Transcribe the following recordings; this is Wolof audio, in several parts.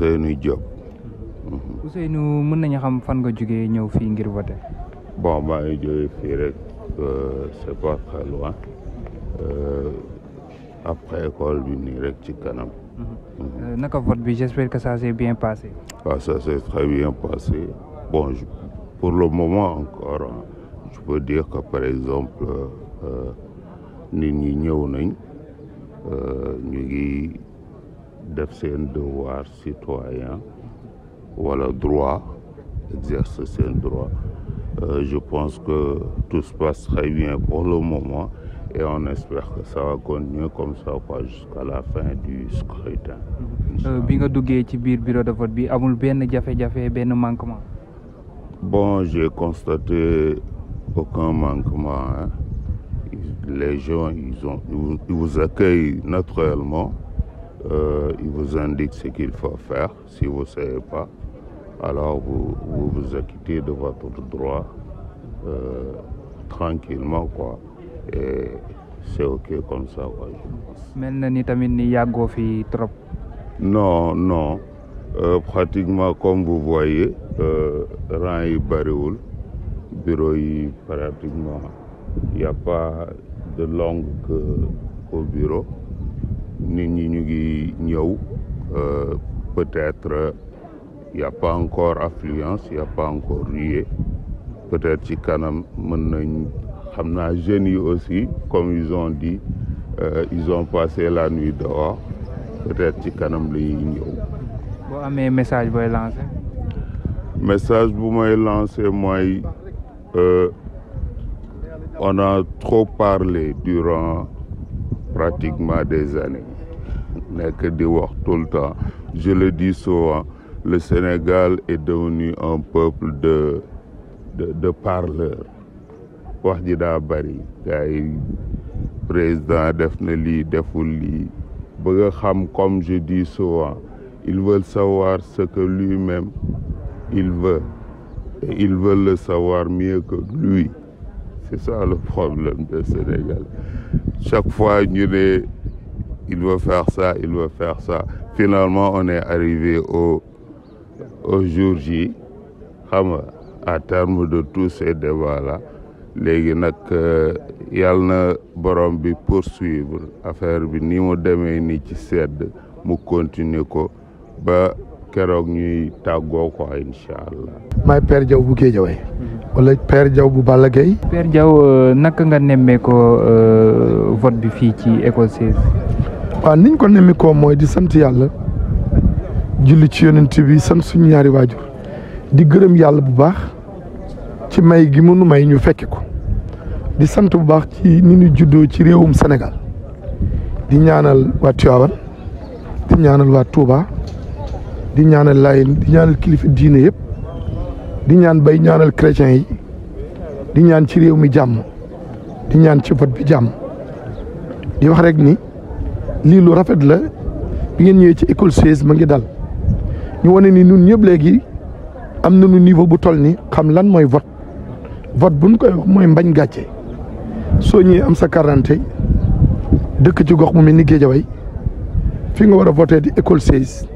Ousseynou Diop. Mhm. Ousseynou mën nañu xam fan nga jógee ñëw fi ngir voté. bon maa ngi jógee fii rek euh, c'est pas très loin euh, après école bi nii rek ci kanam. Mhm. Mhm. Euh, naka vote bi j'espère que ça s'est bien passé. waaw ah, ça s'est très bien passé bon pour le moment encore hein, je peux dire que par exemple nit ñi ñëw nañ ñu ngi def un devoir citoyen wala droit exercer ses droit euh, je pense que tout se passe très bien pour le moment et on espère que ça va continuer comme ça jusqu'à la fin du scrutin. Euh, bi nga bureau de vote bi amul manquement. bon j'ai constaté aucun manquement hein. les gens ils ont ils vous accueillent naturellement. Euh, il vous indique ce qu'il faut faire. Si vous ne savez pas, alors vous, vous, acquittez de votre droit euh, tranquillement. Quoi. Et c'est OK comme ça, quoi, je pense. Non, non. Euh, pratiquement comme vous voyez, rang est baréoul, bureau pratiquement, il n'y a pas de langue au bureau. ni ñi ñu ngi ñëw euh, peut-être y a pas encore affluence y a pas encore ruée peut-être ci kanam mën nañ xam naa jeunes yi aussi comme ils ont dit euh, ils ont passé la nuit dehors peut-être ci kanam la ñuy message booy bu may lancé mooy euh, on a trop parlé durant. pratiquement des années que de voir tout le temps je le dis souvent le Sénégal est devenu un peuple de de de parleurs wax ji gars président def na comme je dis souvent ils veulent savoir ce que lui-même il veut ils veulent le savoir mieux que lui c'est ça le problème du Sénégal chaque fois, il veut faire ça, il veut faire ça. Finalement, on est arrivé au, aujourd'hui. jour J, à terme de tous ces débats-là. les gens euh, poursuivre affaire ni mu demee ni ci cède, mu continuer keroog ñuy tàggoo ko incha allah. maay Père bu Guédiawaye. wala Père Diaw bu Balla gay Père jaw euh, naka nga nemmee ko euh, vote bi fii ci école 16. niñ ko nemmee ko mooy di sant yàlla julli ci yonent bi sant suñu ñaari waajur di gërëm yàlla bu baax ci may gi mënu may ñu fekki ko di sant bu baax ci ni ñu juddoo ci réewum senegal di ñaanal waa Tivaouane di ñaanal waa Touba. di ñaanal Laayeen di ñaanal kilifa diine yëpp di ñaan bay ñaanal chrétien yi di ñaan ci réew mi jàmm di ñaan ci pot bi jàmm di wax rek ni lii lu rafet la bi ngeen ñëwee ci école 16 ma ngi dal ñu wane ni ñun ñëpp léegi am na nañu niveau bu toll ni xam lan mooy vote vote buñ koy mooy mbañ gàcce soo ñëwee am sa quarante dëkk ci gox mu mel ni Géejawaay fi nga war a voté di école 16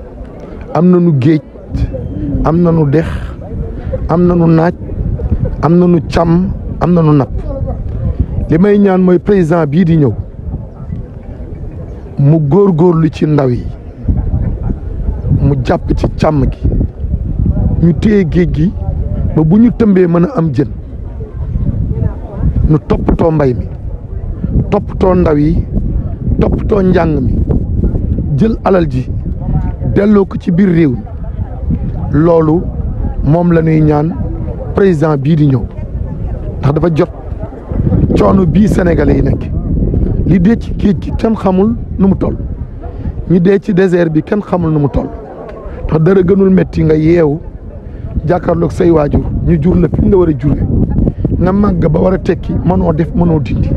am na nu géej am na nañu dex am nañu naaj am na nu càmm am nañu napp li may ñaan mooy président bii di ñëw mu góor góorgóorlu ci ndaw yi mu jàpp ci càmm gi ñu téye géej gi ba bu ñu tëmbee mën a am jën nu toppatoo mbay mi toppatoo ndaw yi toppatoo njàng mi jël alal ji delloo ko ci biir réew loolu moom la ñuy ñaan président bii di ñëw ndax dafa jot coono bii sénégalais yi nekk li dee ci géej gi kenn xamul nu mu toll ñu dee ci désert bi kenn xamul nu mu toll ndax dara gënul métti nga yeewu jàkkaarloog say waajur ñu jur la fi nga war a juree nga màgg ba war a tekki mënoo def mënoo dindi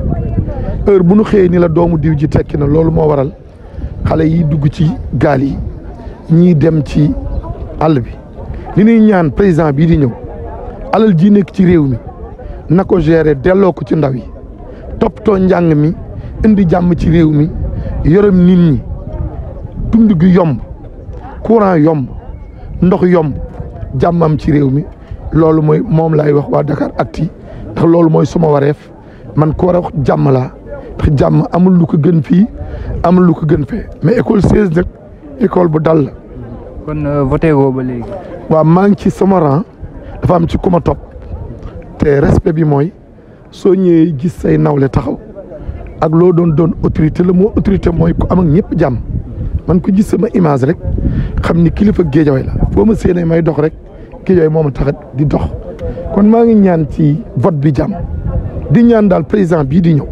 heure bu nu xëyee ni la doomu diw ji tekki na loolu moo waral xale yi dugg ci gaal yi. ñiy dem ci àll bi li ñuy ñaan président bii di ñëw alal ji nekk ci réew mi na ko gérer delloo ko ci ndaw yi toppatoo njàng mi indi jàmm ci réew mi yorom nit ñi dund gi yomb courant yomb ndox yomb jàmmam ci réew mi loolu mooy moom lay wax waa Dakaractu ndax loolu mooy suma wareef man ko war a jàmm laa ndax jàmm amul lu ko gën fii amul lu ko gën fee mais école 16 nag école bu dal kon euh, voté go ba légui wa maa ci sama rang dafa am ci kuma top té respect bi moy soo ñëwee gis say nawlé taxaw ak lo doon doon autorité le moo autorité moy ko am ak ñëpp jàmm man ko gis sama image rek xamni kilifa géejawaay la bo ma séné may dox rek géejawaay moo taxat di dox kon ma ngi ñaan ci vote bi jàmm di ñaan dal président bi di ñëw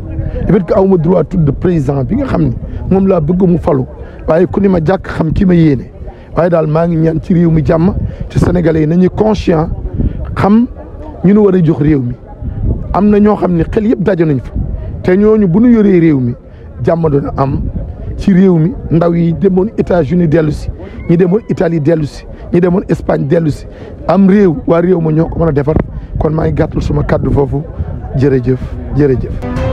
le fait que awuma droit tout de président bi nga xamni mom la bëgg mu falou waaye ku ni ma jàkk xam ki ma yéene waaye daal maa ngi ñaan ci réew mi jàmm te sénégalais yi nañu conscient xam ñu nu war a jox réew mi am na ñoo xam ne xel yëpp daje nañ fa te ñooñu bu ñu yoree réew mi jàmm doon am ci réew mi ndaw yi demoon États-Unis dellu si ñi demoon Italie dellu si ñi demoon Espagne dellu si am réew waa réew ma ñoo ko mën a defar kon maa ngi gàttal suma kàddu foofu jërëjëf jërëjëf